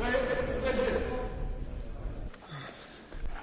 Dar